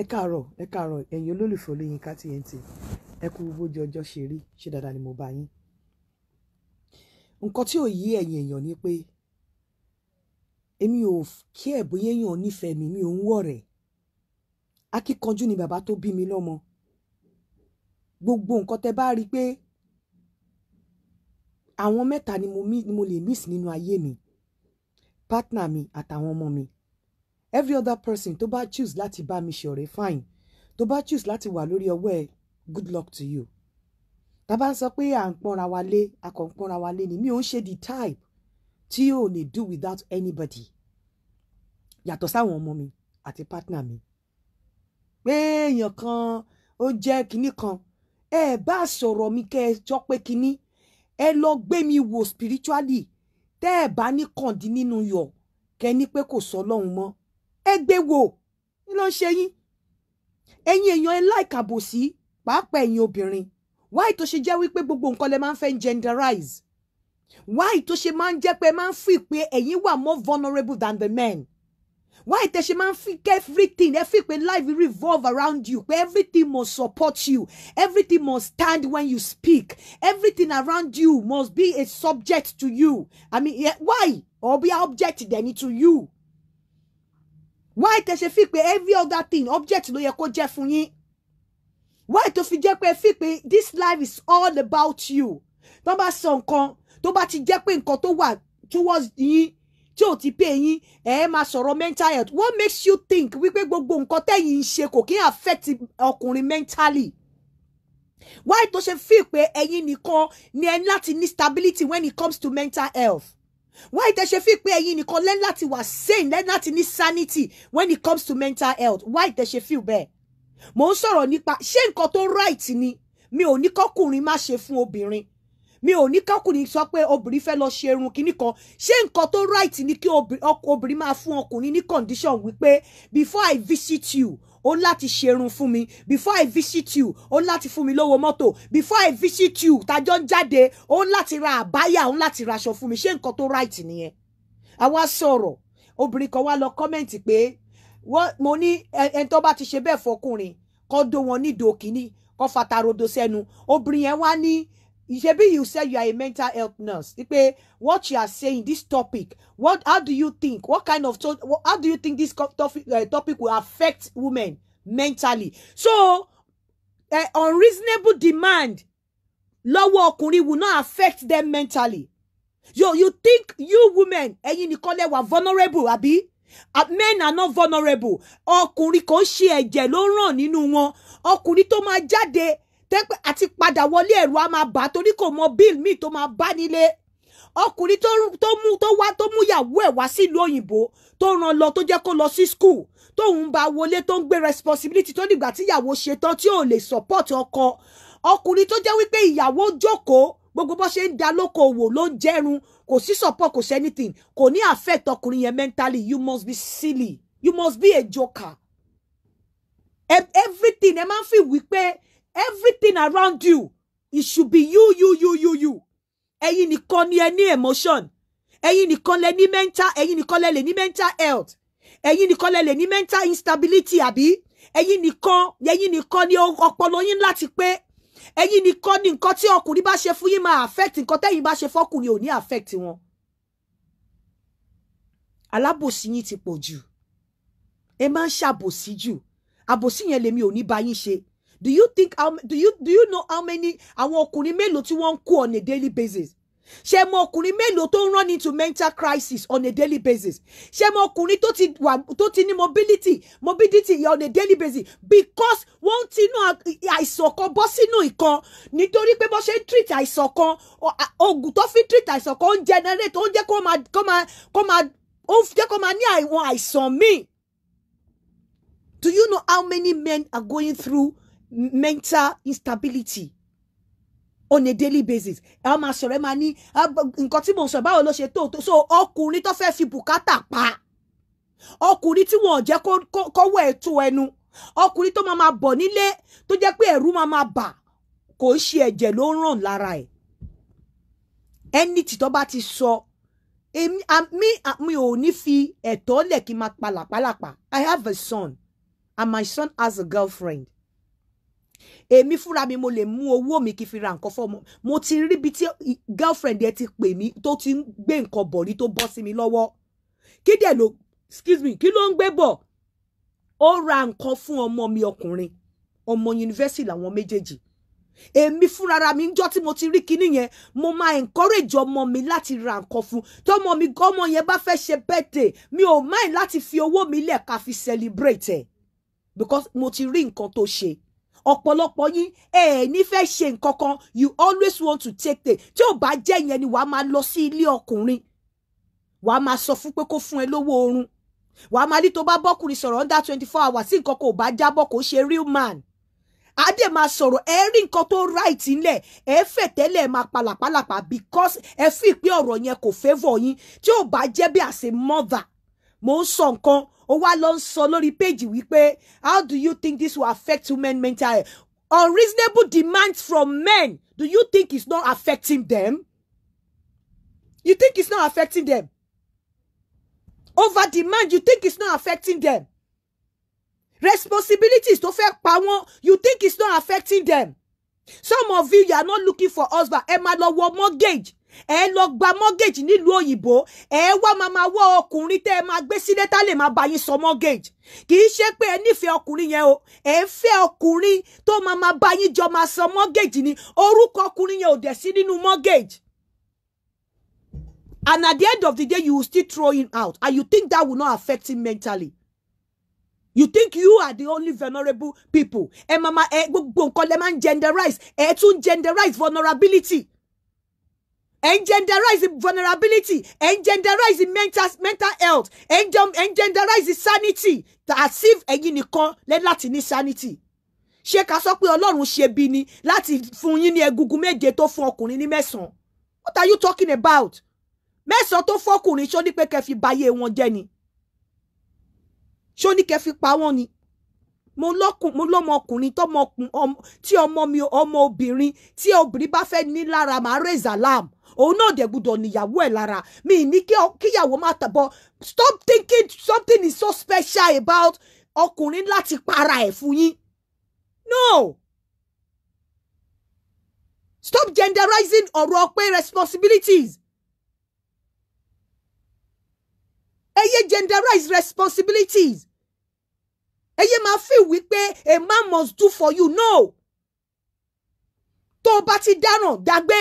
ẹ káàárọ̀ ẹ káàárọ̀ ẹ̀yin olólùfẹ́ Olóyinka TNT ẹ kú bójú ọjọ́ ṣe rí ṣe dáadáa ni mo bá yín nǹkan tí ò yí ẹ̀yin èèyàn ni pé èmi ò kí ẹ̀ bóyá èèyàn nífẹ̀ẹ́ mi mi ò ń wọ̀ rẹ̀ akíkanjú ni bàbá tó bí mi lọ́mọ gbogbo nǹkan tẹ́ bá rí i pé àwọn mẹ́ta ni mo lè miss nínú ayé mi partner mi àtàwọn ọmọ mi every other person tó bá choose láti bá mi ṣọ̀rẹ́ fine tó bá choose láti wà lórí ọwọ́ ẹ good luck to you tá bá ń sọ pé à ń pọ́nra wa lé a ń pọ́nra wa lé ni mi ò ń ṣe the type tí ò lè do without anybody yàtọ̀ sáwọn ọmọ mi àti partner mi pé èèyàn kan ó jẹ́ kinní kan ẹ bá sọ̀rọ̀ mi kẹ́ ẹ jọ pé kinní ẹ lọ gbé mi wò spiritually tẹ́ ẹ bá ní kàndín nínú yọ̀ kẹ́ ní pé kò sọ ọlọ́run mọ́ ẹ gbé wò kí ló ń ṣe yín ẹ̀yin èèyàn ẹ láìkàbòsí pàápàá ẹ̀yin obìnrin why tó ṣe jẹ́ wípé gbogbo nǹkan lẹ máa ń fẹ́ genderize why tó ṣe máa ń jẹ́ pé máa ń fi pé ẹ̀yin wà more vulnerable than the men why tẹ ṣe máa ń fi kẹ́ everything ẹ fi pé life revolve around you pé everything must support you everything must stand when you speak everything around you must be a subject to you i mean why or be an object dẹni to you why tẹ ṣe fi pé every other thing object ló yẹ kó jẹ́ fún yín why tó fi jẹ́ pé fi pé this life is all about you tó bá sọ nǹkan tó bá ti jẹ́ pé nǹkan tó wà towards yín tí ò ti pè yín ẹ máa sọ̀rọ̀ mental health what makes you think wípé gbogbo nǹkan tẹ̀yìn ń ṣe kò kí ń affect ọkùnrin mentally why tó ṣe fi pé ẹ̀yin nìkan ni ẹ láti ní stability when it comes to mental health why tẹ ṣe fi pé ẹ̀yin nìkan lẹ́nu láti wà sane lẹ́nu láti ní sanity when it comes to mental health why tẹ ṣe feel bẹ́ẹ̀ mo ń sọ̀rọ̀ nípa ṣé nǹkan tó right ni mi ò ní kọ́kùnrin má ṣe fún obìnrin mi ò ní kọ́kùnrin sọ pé obìnrin fẹ́ lọ ṣe irun kínní kan ṣé nǹkan tó right ni kí obìnrin máa fún ọkùnrin ní condition wípé before I visit you ó láti ṣerun fún mi before i visit you ó láti fún mi lówó mọ́tò before i visit you tájọ́ ń jáde ó láti ra àbáyà ó láti raṣọ fún mi ṣé nǹkan tó right nìyẹn àwa sọ̀rọ̀ obìnrin kan wá lọ kọ́mẹ̀ntì pé mo ní ẹni tó bá ti ṣe bẹ́ẹ̀ fọkùnrin kọ́ dó wọn nídòó kínní kọ́ fatarodo sẹ́nu obìnrin yẹn wá ní Shebi, you said you are a mental health nurse. Ipe, what you are saying, this topic, what, how do you think, what kind of, how do you think this topic, uh, eh, topic will affect women mentally? So, uh, unreasonable demand lọ́wọ́ ọkùnrin will not affect them mentally. Yo, you think you women, ẹ̀yin nìkan lẹ wa vulnerable, àbí? men are not vulnerable. Ọkùnrin kò ṣe lo ló ràn nínú wọn. Ọkùnrin tó máa jáde tẹ́pẹ́ àti padà wọlé ẹ̀rù á máa bà á torí kò mọ bill míì tó máa bá nílé ọkùnrin tó mú tó wá tó mú ìyàwó ẹ̀ wá sílùú òyìnbó tó ràn lọ tó jẹ́ kó lọ sí school tóun bá wọlé tó ń gbé responsibility tó dìgbà tí ìyàwó ṣetán tí ò lè support ọkọ ọkùnrin tó jẹ́ wípé ìyàwó jókòó gbogbo bó ṣe ń da lókoòwò ló ń jẹrun kò sí support kò sí anything kò ní affect ọkùnrin yẹn mentally you must be silly you must be a joker everything ẹ máa ń fi wípé everything around you it should be you you you you you ẹ̀yin nìkan ni ẹ ní emotion ẹ̀yin nìkan lẹ ní mental ẹ̀yin nìkan lẹ lè ní mental health ẹ̀yin nìkan lẹ lè ní mental instability àbí ẹ̀yin nìkan ẹ̀yin nìkan ni ọpọlọ yín láti pé ẹ̀yin nìkan ni nǹkan tí ọkùnrin bá ṣe fún yín máa affect nǹkan tẹ́yin bá ṣe fọ́kùnrin ò ní affect wọn alábòsí yín ti pọ̀ jù ẹ máa ń ṣàbòsí jù àbòsí yẹn lèmi ò ní bá yín ṣe do you think how do you do you know how many àwọn ọkùnrin mélòó tí wọ́n ń kú on a daily basis ṣé mọ ọkùnrin mélòó tó ń run into mental crisis on a daily basis ṣé mọ ọkùnrin tó ti wà tó ti ní mobility mobility on a daily basis because wọ́n ti inú àìsàn kan bọ́ sínú ìkan nítorí pé bó ṣe ń treat àìsàn kan oògùn tó fi ń treat àìsàn kan ó ń generate ó ń jẹ́ kó máa kó máa kó máa ó ń jẹ́ kó máa ní àwọn àìsàn míì do you know how many men are going through mental instability on a daily basis ẹ máa sọ̀rọ̀ ẹ máa ní ah, nǹkan tí mò sọ báwo ló ṣe tó tó so ọkùnrin tó fẹ́ fi bùkátà pa ọkùnrin tí wọn ò jẹ́ kọ́wọ́ ẹ̀ tó ẹnu ọkùnrin tó máa máa bọ̀ nílé tó jẹ́ pé ẹ̀rú máa máa bà kò ń ṣe ẹ̀jẹ̀ ló ń ràn lára ẹ̀ ẹni tìtọ́ bá ti sọ mi mi ò ní fi ẹ̀tọ́ lẹ̀ kí n máa palàpálàpà I have a son and my son has a girlfriend èmi e fúnra mi mo lè mú owó mi kí n fi ra nǹkan fọmọ mo ti rí bí tí girlfriend ẹ ti pè mí tó ti ń gbé nǹkan bọ̀ rí tó bọ́ sí mi lọ́wọ́ kí dẹ̀ ló excuse me kí ló ń gbé bọ̀ ó ra nǹkan fún ọmọ mi ọkùnrin ọmọ yunifásitì làwọn méjèèjì èmi fúnra mi níjọ́ tí mo ti rí kinní yẹn mo máa encourage ọmọ mi láti ra nǹkan fún tọmọ mi gọmọ yẹn bá fẹ́ ṣe birthday mi ò mind láti fi owó mi lẹ̀ ká fi celebrate ẹ̀ because mo ti rí nǹkan tó ṣe ọ̀pọ̀lọpọ̀ yín ẹ̀ ní fẹ́ ṣe nǹkan kan you always want to take the tí ò bá jẹ́ yẹn ni wàá máa lọ sí ilé ọkùnrin wàá máa sọ fún pé kó fún ẹ lówó oorun wàá máa ní tó bá bọ́kùnrin sọ̀rọ̀ under twenty four hours tí nǹkan kò bá jábọ̀ kò ṣe real man adé máa sọ̀rọ̀ ẹ rí nǹkan tó right ńlẹ̀ ẹ fẹ̀ tẹ́lẹ̀ ẹ máa palàpalàpà because ẹ fi pé ọ̀rọ̀ yẹn kò favour yín tí ò bá jẹ́ bí as a mother mo ń sọ nǹkan ó wá lọ ń sọ lórí péjì wípé how do you think this will affect women mental health unreasonable demands from men do you think it's not affecting them you think it's not affecting them over demand you think it's not affecting them responsibilities tó fẹ́ pa wọ́n you think it's not affecting them some of you you are not looking for husband ẹ máa lọ wọ mortgage ẹ lọ gba mortgage nílùú òyìnbó ẹ wá máa máa wọ ọkùnrin tẹ́ ẹ máa gbé sílé tá lè máa bá yín sọ mortgage kì í ṣe pé ẹ nífẹ̀ẹ́ ọkùnrin yẹn o ẹ ń fẹ́ ọkùnrin tó máa máa bá yín jọ máa sọ mortgage ni orúkọ ọkùnrin yẹn ò dẹ̀ sí nínú mortgage and at the end of the day you still throw him out and you think that will not affect him mentally you think you are the only vulnerable people ẹ mama ẹ gbogbo nǹkan lẹ máa ń genderize ẹ tún genderize vulnerability engenderize the vulnerability engenderize the mental mental health engenderize the sanity as if ẹ̀yin nìkan lẹ́ láti ní sanity ṣé ká sọ pé ọlọ́run ṣe bí ni láti fún yín ní egungun méje tó fún ọkùnrin ní mẹ́sàn-án what are you talking about mẹ́sàn-án tó fọkùnrin ṣó ní pé kẹ́ fi bayé wọn jẹ́ ni ṣó ní kẹ́ fi pa wọ́n ni mo lọ́mọ ọkùnrin tí ọmọ mi ọmọ obìnrin tí obìnrin bá fẹ́ ní lára màá raise alarm òun náà dẹ̀ gbúdọ̀ níyàwó ẹ̀ lára mi ní kíyàwó má tàbọ̀ stop thinking something is so special about ọkùnrin láti para ẹ̀ fún yín no stop genderizing ọ̀rọ̀ pé responsibilities ẹ yé genderize responsibilities ẹ yé máa fi wípé a man must do for you no tó o bá ti dáràn dágbé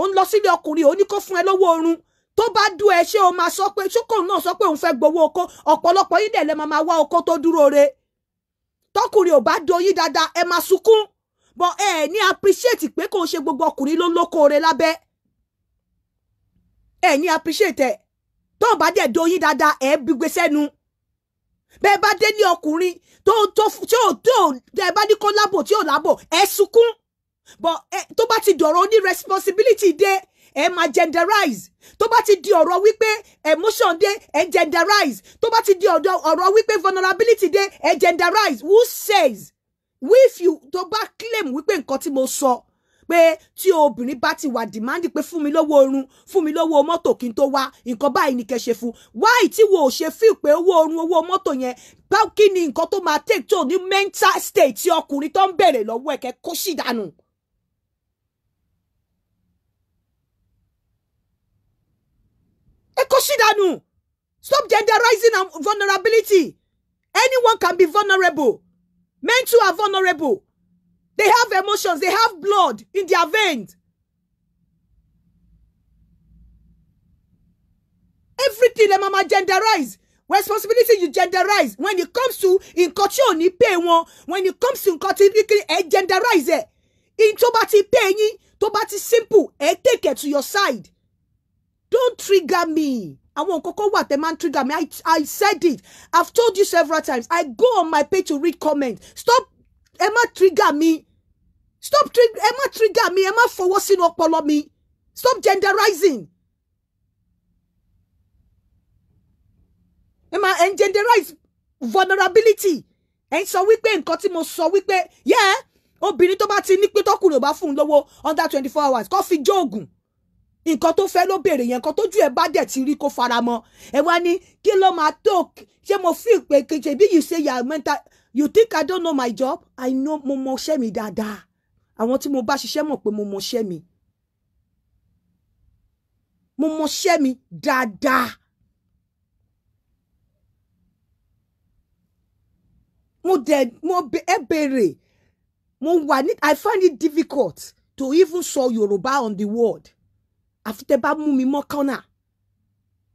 ó ń lọ sílé ọkùnrin ó ní kó fún ẹ lówó oorun tó bá dú ẹ ṣé o máa sọ pé ṣókòrò náà sọ pé òun fẹ́ gbowó oko ọ̀pọ̀lọpọ̀ yín dẹ̀ lẹ́ máa máa wá oko tó dúró re tọkùnrin ò bá doyin dáadáa ẹ máa sunkún bọ ẹ eh, ní appreciate pé kò ń ṣe gbogbo ọkùnrin ló lóko re lábẹ́ ẹ eh, ní appreciate ẹ tó bá dẹ̀ doyin dáadáa ẹ eh, gbígbé sẹ́nu bẹ́ẹ̀ bá dé ní ọkùnrin tó tó tí ò tó ẹ bá ní kó lábò tí ò lábò ẹ sunkún but eh, tó bá ti dọ̀rọ̀ ní responsibility dé ẹ máa genderize tó bá ti di ọ̀rọ̀ wípé emotion dé ẹ genderize tó bá ti di ọ̀rọ̀ wípé vulnerability dé ẹ genderize who says if you tó bá claim wípé nǹkan tí mo sọ so, pé tí obìnrin bá ti wà demand pé fún mi lówó oorun fún mi lówó mọ́tò kí n tó wá nǹkan báyìí ni kẹ́ ṣe fún why tí wo ò ṣe feel pé owó oorun owó mọ́tò yẹn báwo kí ni nǹkan tó máa take tó ní mental state tí ọkùnrin tó ń béèrè lọ́wọ́ ẹ̀kẹ́ kó sì dànù ẹ kó stop genderizing and vulnerability anyone can be vulnerable men too are vulnerable they have emotions they have blood in their veins everything lè mama genderize responsibility you genderize when it comes to nǹkan tí ò ni pay wọn when it comes to nǹkan tí ẹ genderize ẹ in tó bá ti pay yín tó bá ti simple ẹ take it to your side don't trigger me àwọn nǹkan kan wà tẹ́ máa ń trigger me I, I said it I've told you several times I go on my page to read comment stop ẹ má trigger me stop ẹ má trigger me ẹ má fọwọ́ sínú ọpọlọ mi stop genderizing ẹ máa ẹ genderize vulnerability ẹ ń sọ wípé nǹkan tí mo sọ wípé yẹ obìnrin tó bá ti ní pé tọkùnrin ò bá fún un lówó under twenty four hours kó fi jó nǹkan tó fẹ́ ló béèrè yẹn nǹkan tójú ẹ̀ bá dẹ̀ ti rí kó fara mọ́ ẹ wá ní kí ló máa tó ṣé mo fi ìpè kejì bí you say you mental you think I don't know my job I know mo mọṣẹ́ mi dáadáa àwọn tí mo bá ṣiṣẹ́ mọ̀ pé mo mọṣẹ́ mi mo mọṣẹ́ mi dáadáa. mo dẹ̀ mo ẹ béèrè mo wà ní I find it difficult to even saw Yorùbá on the world àfi tẹ́ bá mú mi mọ́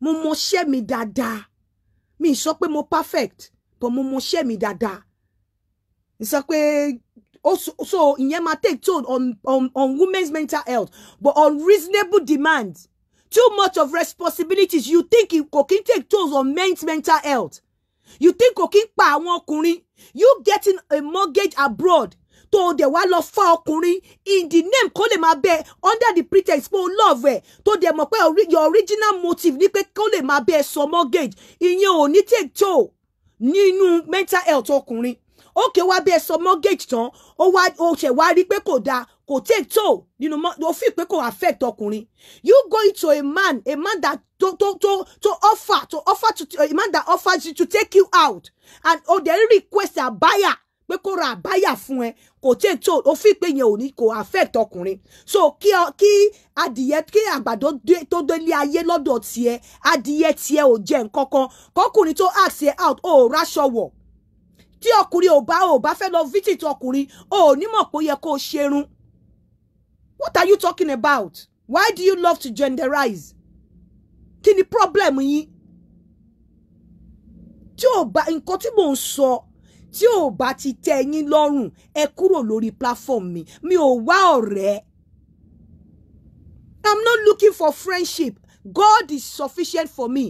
mo mọṣẹ́ mi dáadáa mi sọ pé mo perfect but mo mọṣẹ́ mi dáadáa n sọ pé so ìyẹn máa take toll on, on, on women's mental health but on reasonable demands too much of responsibilities you think kò kí n take toll on men's mental health you think kò kí n pa àwọn ọkùnrin you getting a mortgage abroad tó o dẹ̀ wá lọ fá ọkùnrin in the name kó lè máa bẹ under the pretext pé o love ẹ̀ tó dẹ̀ mọ̀ pé your original motive ni pé kó lè máa bẹ sọ mortgage ìyẹn ò ní take tó nínú mental health ọkùnrin òkè wá bẹ sọ mortgage tán ó wá ó ṣẹ̀ wá rí pé kò dáa kò take tó nínú ó fi pé kò affect ọkùnrin you going to a man a man that to to to to offer to offer to a man that offers you to take you out and ó dẹ̀ request a buyer pé kó ra àbáyà fún ẹ kò tí ètò òfin pé yẹn ò ní kò affect ọkùnrin so kí kí adìyẹ kí àgbàdo tó délé ayé lọ́dọ̀ tiẹ̀ adìyẹ tiẹ̀ ò jẹ́ nǹkan kan kọkùnrin tó ask ẹ out ó ráṣọ wọ̀ tí ọkùnrin ò bá ò bá fẹ́ lọ visit ọkùnrin ò ní mọ̀ pé ó yẹ kó o ṣerun what are you talking about why do you love to genderize kí ni problem yín tí ò bá nǹkan tí mò ń sọ. So, tí ò bá ti tẹ́ yín lọ́rùn ẹ kúrò lórí platform mi mi ò wá ọ̀rẹ́ i'm not looking for friendship god is sufficient for me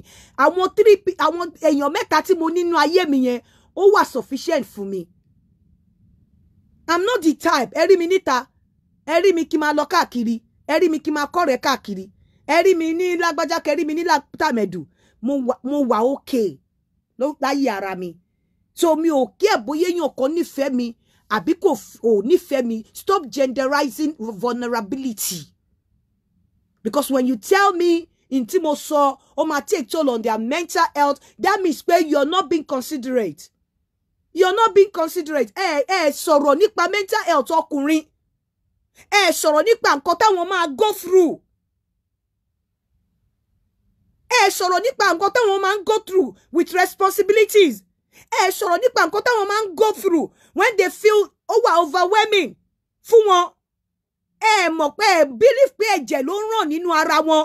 àwọn three àwọn èèyàn mẹ́ta tí mo nínú ayé mi yẹn ó wà sufficient fún mi i'm not the type ẹ rí mi níta ẹ rí mi kí n máa lọ káàkiri ẹ rí mi kí n máa kọ́ rẹ̀ káàkiri ẹ rí mi ní lágbájá kẹ rí mi ní látàmẹ̀dù mo wà ókè láyé ara mi so mi ò kí ẹ̀ bóyá èèyàn kan nífẹ̀ẹ́ mi àbí kò ò nífẹ̀ẹ́ mi stop genderizing vulnerability because when you tell me in tí mo sọ ó máa take toll on their mental health that means pé you are not being considerate you are not being considerate ẹ ẹ sọ̀rọ̀ nípa mental health ọkùnrin ẹ sọ̀rọ̀ nípa nǹkan táwọn máa go through ẹ sọ̀rọ̀ nípa nǹkan táwọn máa go through with responsibilities ẹ sọ̀rọ̀ nípa nǹkan táwọn máa ń go through when they feel ó overwhelming fún wọn ẹ mọ̀ pé ẹ believe pé ẹ̀jẹ̀ ló ń ràn nínú ara wọn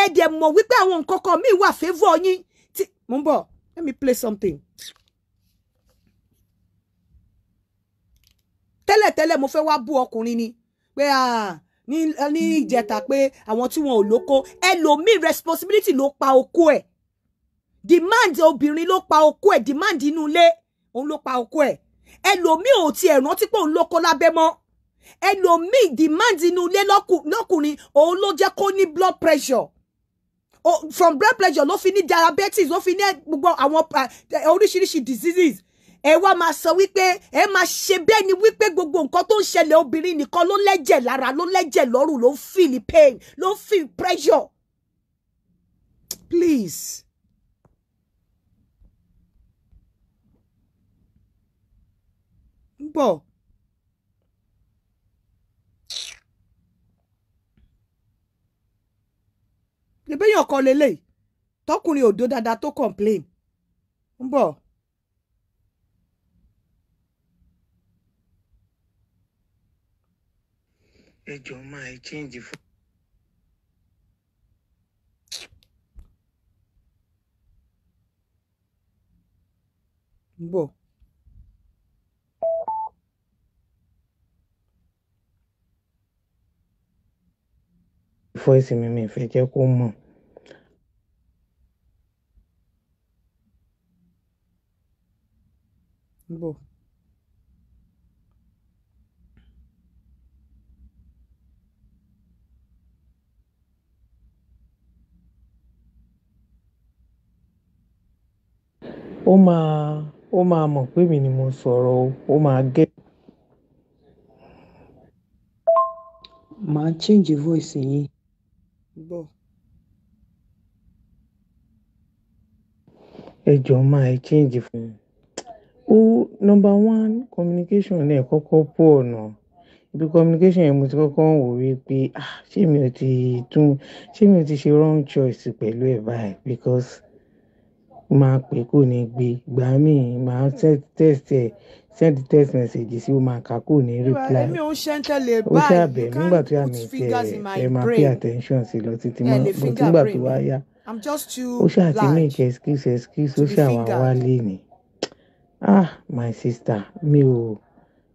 ẹ dẹ̀ mọ̀ wípé àwọn nǹkan kan míì wà favour yín tí mo ń bọ̀ let me play something. tẹ́lẹ̀tẹ́lẹ̀ mo fẹ́ wá bú ọkùnrin ni pé ní ìjẹta pé àwọn tí wọn ò lóko ẹlòmíì responsibility ló pa oko ẹ̀ demand obìnrin ló pa okó ẹ̀ demand inú ilé òun ló pa okó ẹ̀ ẹlòmíì ò tiẹ̀ rántí pé òun ló kó lábẹ́ mọ́ ẹlòmíì demand inú ilé lọ́kùnrin òun ló jẹ́ kó ní blood pressure oh, from blood pressure ló fi ní diabetes ló fi ní gbogbo àwọn eh, eh, oríṣiríṣi diseases ẹ wá máa sọ wípé ẹ máa ṣe bẹ́ẹ̀ ni wípé gbogbo nǹkan tó ń ṣẹlẹ̀ obìnrin nìkan ló lẹ́jẹ̀ lára ló lẹ́jẹ̀ lọ́rùn ló ń feel pain ló ń feel pressure please bọ̀. ìbéèyàn kan lélẹ̀ tọkùnrin òdo dáadáa tó complain ń bọ̀. ẹ jọ̀ọ́ máa ẹ change fún. ń voice mi, mi fẹ́ jẹ́ kó mọ̀. Bó. Ó máa, ó máa mọ̀ pé èmi ni mo sọ̀rọ̀ o, ó máa gé. Màá change voice yín gbọ́. ẹ jọ̀ọ́ máa ẹ change fún un. ó number one communication náà kọ́kọ́ pọ̀ ọ̀nà ibi communication yẹn mo ti kọ́kọ́ ń wò wípé ah ṣé mi ò ti tún ṣé mi ò ti ṣe wrong choice pẹ̀lú ẹ̀ báyìí because máa pè kò ní gbé. Ìgbà mí máa text ẹ̀, send text message sí ó máa kà kò ní reply. Ó ṣàbẹ̀ nígbà tó yà mí tẹ ẹ máa pay attention sí lọ títí mọ́. But nígbà tó wá yá, ó ṣà ti make excuse excuse ó ṣà wá wálé Ah my sister mi ò,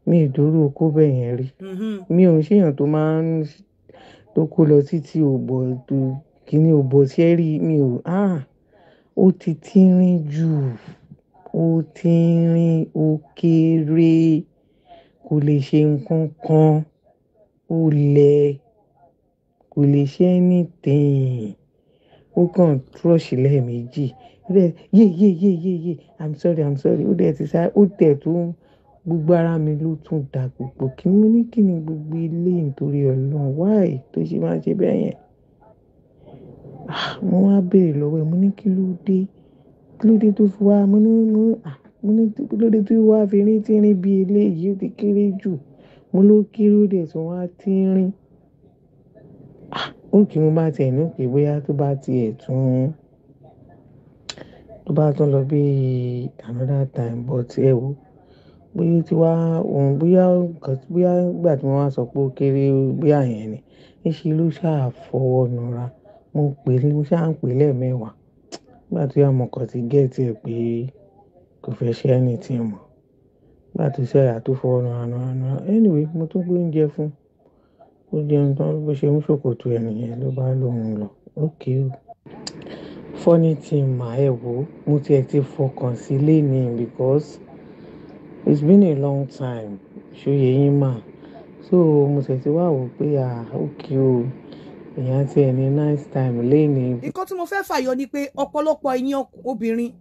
mi ò dúró kó bẹ́ẹ̀ yẹn rí. Mm-hmm. Mi ò ń ṣèyàn tó máa ń tó kó lọ títí ò bọ̀ tó kíni ò bọ̀ mi ò ah ó ti tínrín jù ó tínrín ó kéré kò lè ṣe nǹkan kan ó lẹ kò lè ṣe anything ó kàn trọ́ọ̀ṣì lẹ́ẹ̀mejì ó yé yé yé yé yé i'm sorry i'm sorry ó dẹ̀ ti sá ó tẹ̀ tó gbogbo ara mi ló tún dà gbogbo kí mo kí ni gbogbo ilé nítorí ọlọ́run wáì tó ṣe máa ṣe bẹ́ẹ̀ yẹn. Ah! Mo wá béèrè lọ́wọ́ ẹ̀, mo ní kí ló dé? Kí ló dé tó fi wá? Mo ní, mo ní, à, ah, mo ní kí ló dé tó wá fi rín tírín bí eléyìí ti kéré jù. Mo ló kéré ah, ó dẹ̀ tún wá tírín. Ah! Okay mo bá ti ní okay bóyá tó bá ti tún, tó bá tún lọ bí another time but ẹ wò ó. Bóyá ó ti wá, òun bóyá nǹkan, bóyá ìgbà tí wọ́n wá sọ pé ó kéré bóyá yẹn ni. Níṣe ló sá fọwọ́ nura. Mo pè é, mo ṣá ń pè lẹ́ẹ̀mẹwàá. Nígbà tó yá, mo kàn ti gẹ́tì ẹ̀ pé kò fẹ́ ṣe anything mọ̀. Nígbà tó ṣáyà tó fọwọ́ nu ànu ànu. Anyway, mo tún gbé oúnjẹ fún un. Ó jẹun tán bó ṣe mú ṣòkòtò ẹ̀ nìyẹn ló bá lòun lọ. Okay o. Funny thing mà ẹ́ wò, mo ti ẹ̀ ti fọkàn sí lénìí because it's been a long time. Ṣó yé yín má? So mo ṣẹ̀ ti wà wò pé à okay o èèyàn ti ẹ̀ ní nice time léèní. nǹkan tí mo fẹ́ fàyọ ni pé ọ̀pọ̀lọpọ̀ ẹ̀yin obìnrin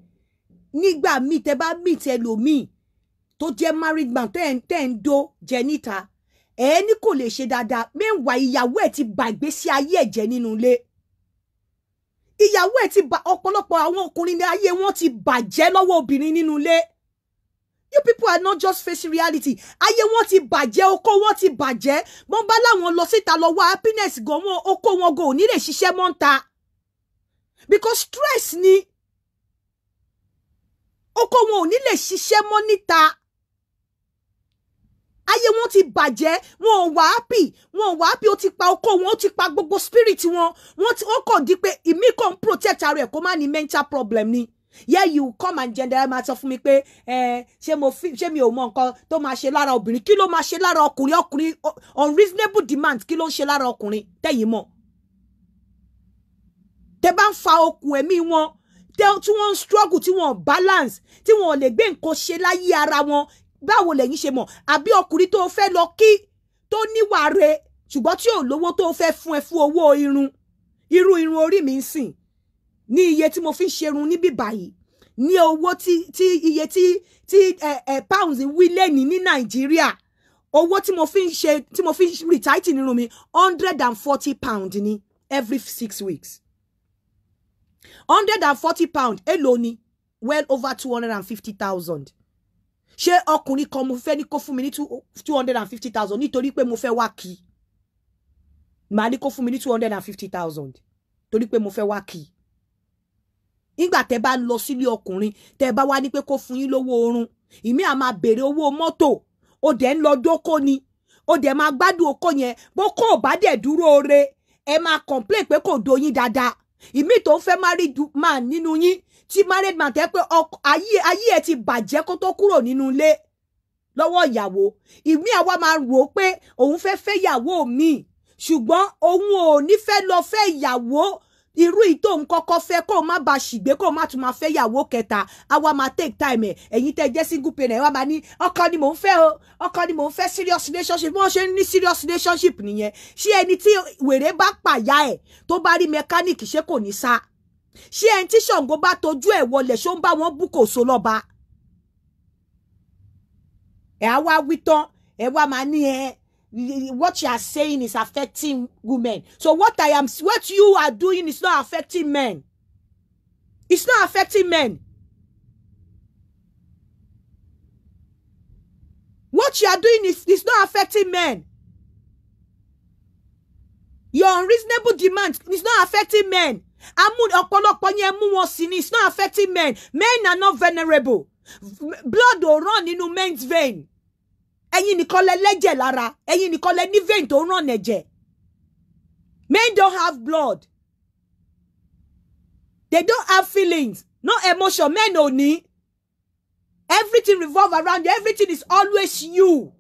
nígbà míì tẹ́ bá míì tẹ́ lò míì tó jẹ́ married man tẹ́ ń tẹ́ ń do jẹ níta ẹ̀ ní kò lè ṣe dáadáa mẹ́wàá ìyàwó ẹ̀ ti bà ìgbésí ayé ẹ̀ jẹ́ nínú ilé ìyàwó ẹ̀ ti bà ọ̀pọ̀lọpọ̀ àwọn ọkùnrin ní ayé wọn ti bàjẹ́ lọ́wọ́ obìnrin nínú ilé you people are not just facing reality ayé wọn ti bàjẹ́ oko wọn ti bàjẹ́ bọ́n bá láwọn lọ síta lọ wá happiness gan wọn oko wọn go. ò ní lè ṣiṣẹ́ mọ́ because stress ni oko wọn ò ní lè ṣiṣẹ́ mọ́ níta ayé wọn ti bàjẹ́ wọn ò wá happy wọn wa happy O ti pa oko wọn O ti pa gbogbo spirit wọn wọn kàn di pé ìmí kan protect ara ẹ̀ kó má mental problem ni yeah you come and gender ẹ máa sọ fún mi pé ṣé mo fi ṣé mi ò mọ nǹkan tó máa ṣe lára obìnrin kí ló máa ṣe lára ọkùnrin ọkùnrin unreasonable demand kí ló ń ṣe lára ọkùnrin tẹ̀yìn mọ̀ tẹ bá ń fa okùn ẹ̀mí wọn tí wọ́n ń struggle tí wọ́n balance tí wọ́n lè gbé nǹkan ṣe láyé ara wọn báwo lẹ̀yin ṣe mọ̀ àbí ọkùnrin tó fẹ́ lọ kí tó níwàá re ṣùgbọ́n tí ò lówó tó fẹ́ fún ẹ fún owó irun irú irun orí mi ń sìn ní iye tí mo fi ń ṣerun níbí báyìí ní owó tí tí iye tí tí ẹ ẹ pounds wí lẹ́ni ní nàìjíríà owó tí mo fi ń ṣe tí mo fi ń rìtáìtì nínú mi hundred and forty pound ni every six weeks hundred and forty pound èlò ni well over two hundred and fifty thousand ṣé ọkùnrin kan mo fẹ́ ní kó fún mi ní two hundred and fifty thousand nítorí pé mo fẹ́ wá kí màá ní kó fún mi ní two hundred and fifty thousand torí pé mo fẹ́ wá kí nígbà tẹ́ bá lọ sílé ọkùnrin tẹ́ bá wá ní pé kó fún yín lówó oorun ìmí à máa béèrè owó mọ́tò ó dẹ̀ ń lọ dóko ni ó dẹ̀ máa gbádùn okó yẹn bó kó ò bá dẹ̀ dúró re ẹ máa complain pé kò doyin dáadáa ìmí tó ń fẹ́ married man nínú yín tí married man tẹ́ pé ayé ẹ ti bàjẹ́ kó tó kúrò nínú ilé lọ́wọ́ ìyàwó ìmí àwa máa rò pé òun fẹ́ fẹ́ ìyàwó mi ṣùgbọ́n òun ò ní fẹ́ lọ fẹ́ ìyàwó irú ìtò ń kọ́kọ́ fẹ́ kó o má ba ṣìgbé kó o má tún máa fẹ́ yàwó kẹta àwa máa take time ẹ̀ ẹ̀yin tẹ́ jẹ́ single parent ẹ̀ wá máa ní ọkọ ni mò ń fẹ́ o ọkọ ni mò ń fẹ́ serious relationship bí wọ́n ṣe ń ní serious relationship nìyẹn ṣé ẹni tí wèrè bá pàyà ẹ̀ tó bá rí mechanic ṣé kò ní sá ṣé ẹni tí Ṣàngó bá tojú ẹ̀ wọlé ṣó ń bá wọn bú kò so lọ́ba ẹ̀ á wá wí tán ẹ̀ wá máa ní ẹ̀ what you are saying is affecting women. So what I am, what you are doing is not affecting men. It's not affecting men. What you are doing is, is not affecting men. Your unreasonable demand is not affecting men. It's not affecting men. Men are not vulnerable. Blood will run in men's vein ẹ̀yin nìkan lẹ lẹ́jẹ̀ lára ẹ̀yin nìkan lẹ ní vein tó ràn ẹ̀jẹ̀ men don't have blood they don't have feelings no emotion men ò ní everything revolve around you everything is always you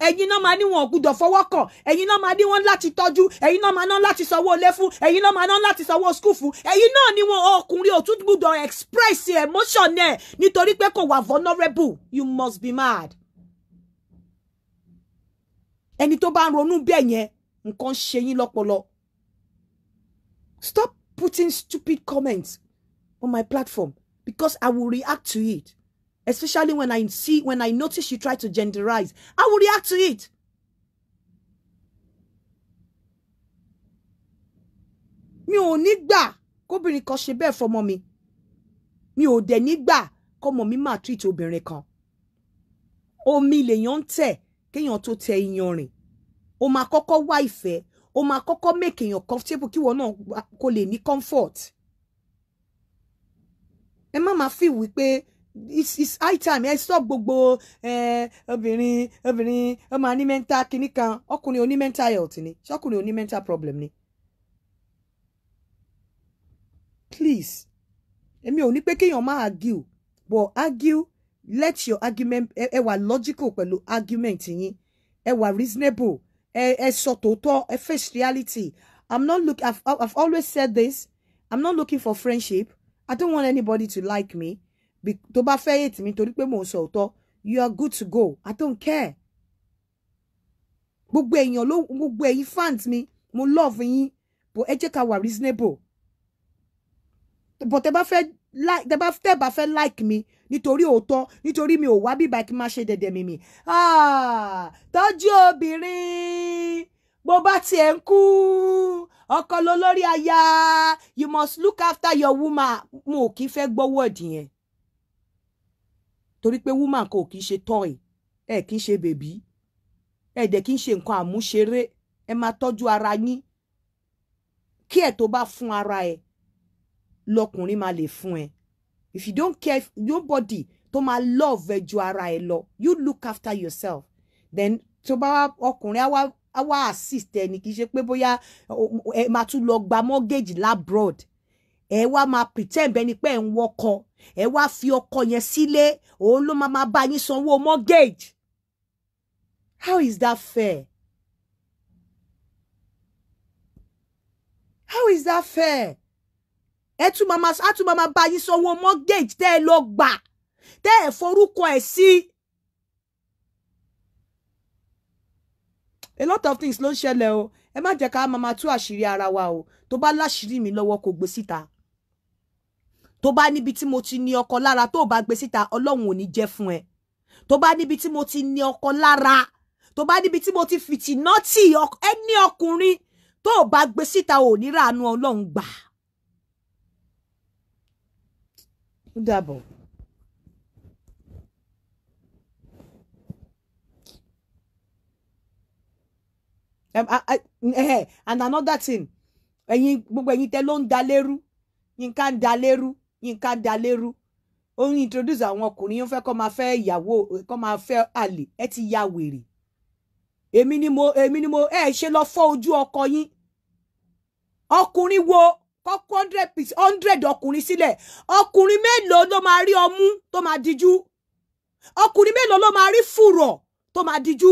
ẹ̀yin náà máa ní wọn gbúdọ̀ fọwọ́ kàn ẹ̀yin náà máa ní wọn láti tọ́jú ẹ̀yin náà máa ná láti sanwó ilé fún ẹ̀yin náà máa ná láti sanwó skul fún ẹ̀yin náà ni wọn ọkùnrin ò tún gbúdọ̀ express emotion ẹ̀ nítorí pé kò wà vulnerable you must be mad ẹni tó bá ń ronú bẹ́ẹ̀ yẹn nǹkan ṣe yín lọ́pọlọ stop putting stupid comments on my platform because I will react to it especially when I see when I notice you try to genderize I will react to it. mi ò ní gbà kóbìnrin kan ṣe bẹ́ẹ̀ fọmọ mi mi ò dẹ̀ ní gbà kọmọ mi máa treat obìnrin kan omi lèèyàn ń tẹ̀ kéèyàn tó tẹ iyanrìn o máa kọ́kọ́ wá ìfẹ́ o máa kọ́kọ́ make èèyàn comfortable kí wọ́n náà kó lè ní comfort ẹ má máa feel wípé it's it's high time ẹ stop gbogbo obìnrin obìnrin ọmọ ní mental kìíní kan ọkùnrin oní mental health ni ṣọkùnrin oní mental problem ni please èmi ò ní pé kéèyàn má argue but argue let your argument ẹ eh, wà logical pẹ̀lú argument yín ẹ wà reasonable ẹ ẹ sọ tòótọ́ ẹ face reality i'm not look I've, i've always said this i'm not looking for friendship i don't want anybody to like me tó bá fẹ́ hate mi torí pé mò sọ òótọ́ you are good to go i don't care gbogbo èèyàn ló gbogbo ẹ̀yin fans mi mo love yín but ẹ jẹ́ ká wà reasonable but ẹ bá fẹ́ like tẹ́ bá tẹ́ bá fẹ́ like mi nítorí òótọ́ nítorí mi ò wá bíbá kí n má ṣe dẹ̀dẹ̀ mímì ah, tọ́jú obìnrin bó bá tiẹ̀ ń kú ọkọ ló lórí aya you must look after your woman mo kì í fẹ́ gbọ́ wọ́ọ̀dì yẹn torí pé woman kò kì í ṣe toy ẹ kì í ṣe bèbí ẹ dẹ̀ kì í ṣe nǹkan àmúṣeré ẹ máa tọ́jú ara yín kí ẹ̀ tó bá fún ara ẹ̀. E lọkùnrin máa lè fún ẹ if you don't care nobody tó máa love ẹ ju ara ẹ lọ you look after yourself then tó bá ọkùnrin á wá á assist ẹ ní kì í ṣe pé bóyá ẹ máa tún lọ gba mortgage labroad ẹ wá máa pretend bẹ́ẹ̀ ni pé ẹ ń wọkọ ẹ wá fi ọkọ yẹn sílé òun ló máa bá yín sanwó mortgage how is that fair? how is that fair? ẹ tún máa máa á tún máa máa bá yín sanwó mortgage tẹ́ ẹ lọ gbà tẹ́ ẹ forúkọ ẹ̀ sí. a lot of things ló ń ṣẹlẹ̀ o ẹ má jẹ́ ká máa máa tú àṣírí ara wa o tó bá láṣìírí mi lọ́wọ́ kò gbé síta tó bá níbi tí mo ti ní ọkọ lára tó bá gbé síta ọlọ́run ò ní jẹ́ fún ẹ tó bá níbi tí mo ti ní ọkọ lára tó bá níbi tí mo ti fìtì nọ́ọ̀tì ẹni ọkùnrin tó bá gbé síta ò ní ràánú ọlọ́run gbà. ó Um, I, I, eh, and another thing ẹ̀yin gbogbo ẹ̀yin tẹ́ ló ń da lérú Yínká ń da lérú Yínká ń da lérú ó ń introduce àwọn ọkùnrin ó fẹ́ kó máa fẹ́ ìyàwó kó máa fẹ́ àlè ẹ ti ya wèrè èmi ni mo èmi ni mo ẹ ṣe lọ fọ́ ojú ọkọ yín ọkùnrin wo kọ́kọ́ hundred hundred ọkùnrin sílẹ̀ ọkùnrin mélòó ló máa rí ọmú tó máa díjú ọkùnrin mélòó ló máa rí fùrọ̀ tó máa díjú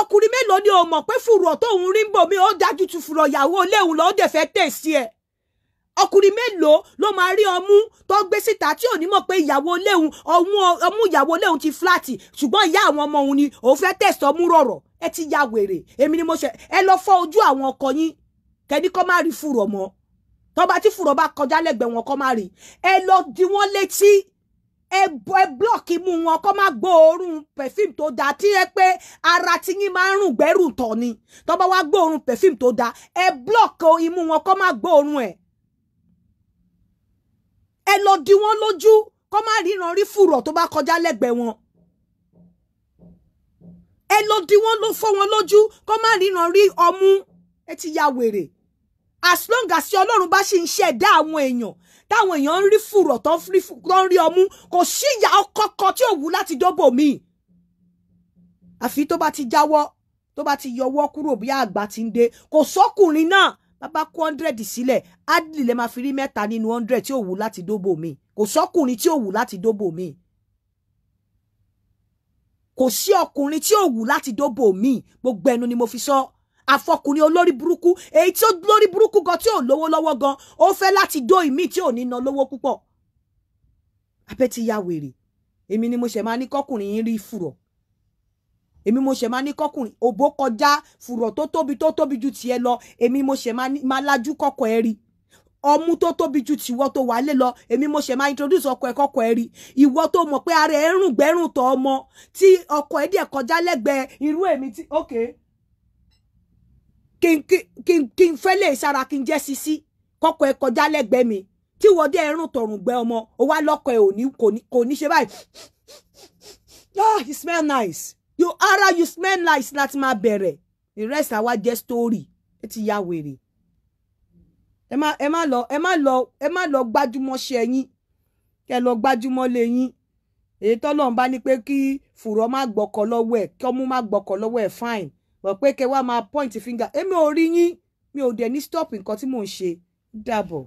ọkùnrin mélòó ni o mọ̀ pé fùrọ̀ tóun rí ń bò mí ó dájú tu fùrọ̀ ìyàwó léwu lọ́ọ́ dẹ̀ fẹ́ tẹ̀sí ẹ̀ ọkùnrin mélòó ló máa rí ọmú tó gbé síta tí ò ní mọ̀ pé ìyàwó léwu ọmú ìyàwó léwu ti fúláàtì ṣùgbọ́n ìyá àwọn ọmọ òun ni òun fẹ́ tẹ̀sí ọmú rọ̀rọ̀ ẹ ti ya wèrè èmi ni mo ṣe ẹ lọ fọ ojú àwọn ọkọ yín kẹ́ni kọ́ má rí fùrọ̀ mọ́ tọba tí fùrọ̀ bá kọjá lẹ́gbẹ̀ẹ́ wọn kọ́ máa rí ẹ lọ di wọ́n létí ẹ bọ ẹ blọọkì mú wọn kọ́ máa gbọ́ òórùn perfume tó dáa tí ẹ pé ara tí yín máa ń rùn gbẹ́rù tọ̀ ni tọba wá gbọ́ òórùn perfume tó dáa ẹ blọọkì imú wọn kọ́ máa gbọ́ òórùn ẹ̀ ẹ lọ di wọ́n lójú kọ́ máa ríran rí fùrọ̀ tó bá kọjá lẹ́gbẹ̀ẹ́ wọn ẹ lọ di wọ́n fọ́ wọn lójú kọ́ máa ríran rí ọmú ẹ ti ya wèrè as long as ọlọ́run bá ṣì ń ṣẹ̀dá àwọn èèyàn táwọn èèyàn ń rí fùrọ̀ tán ń rí ọmú kò sí ìyà kankan tí ò wú láti dóbò míì àfi tó bá ti jáwọ́ tó bá ti yọwọ́ kúrò bí àgbà ti ń dé kò sọ́kùnrin náà bàbá kó hundred sílẹ̀ adìlẹ̀ lè máa fi rí mẹ́ta nínú hundred tí ò wú láti dóbò míì kò sọ́kùnrin tí ò wú láti dóbò míì kò sí ọkùnrin tí ò wú láti dóbò míì gbogbo ẹnu ni mo fi sọ. So àfọkùnrin olórí burúkú èyí tí ó lórí burúkú gan tí ò lówó lọ́wọ́ gan ó fẹ́ láti dó ìmí tí ò ní ná lówó púpọ̀ abẹ́ ti ya wèrè èmi ni mo ṣẹ̀ máa ní kọ́kùnrin yín rí fùrọ̀ èmi mo ṣe máa ní kọkùnrin òbó kọjá fùrọ̀ tó tóbi tó tóbi ju tiẹ̀ lọ èmi mo ṣe máa lajú kọkọ ẹ rí ọmú tó tóbi ju tiwọ tó wálé lọ èmi mo ṣe máa introduce ọkọ ẹ kọkọ ẹ rí ìwọ tó mọ̀ pé ara ẹ ń rùn gbẹrùn tọ ọmọ tí ọkọ ẹ díẹ̀ kọjá lẹ́gbẹ̀ẹ́ irú èmi tí okay kí n kí n kí n fẹ́lẹ̀ kí n jẹ́ sisi kọ́kọ́ ẹ kọjá lẹ́gbẹ̀ẹ́ mi tí wọ́n dé ẹrùn tọ̀rùn gbẹ ọmọ ó wá lọ́kọ̀ ẹ kò ní ṣe báyìí ah you smell nice you ara you smell nice láti máa bẹ̀rẹ̀ the rest àwa jẹ́ story ẹ ti ya wèrè ẹ má ẹ má lọ ẹ má lọ ẹ má lọ gbájúmọ́ ṣe ẹyin kẹ lọ gbájúmọ́ lé yín èyí tọ́lọ́run bá ní pé kí fùrọ́ má gbọ́kọ̀ lọ́wọ́ ẹ̀ kí ọmú má gbọ́kọ̀ lọ́wọ́ ẹ̀ fine bọ̀ pé kẹ wá máa point finger èmi ò rí yín mi ò dẹ̀ ní stop nǹkan tí mò ń ṣe dàbọ̀.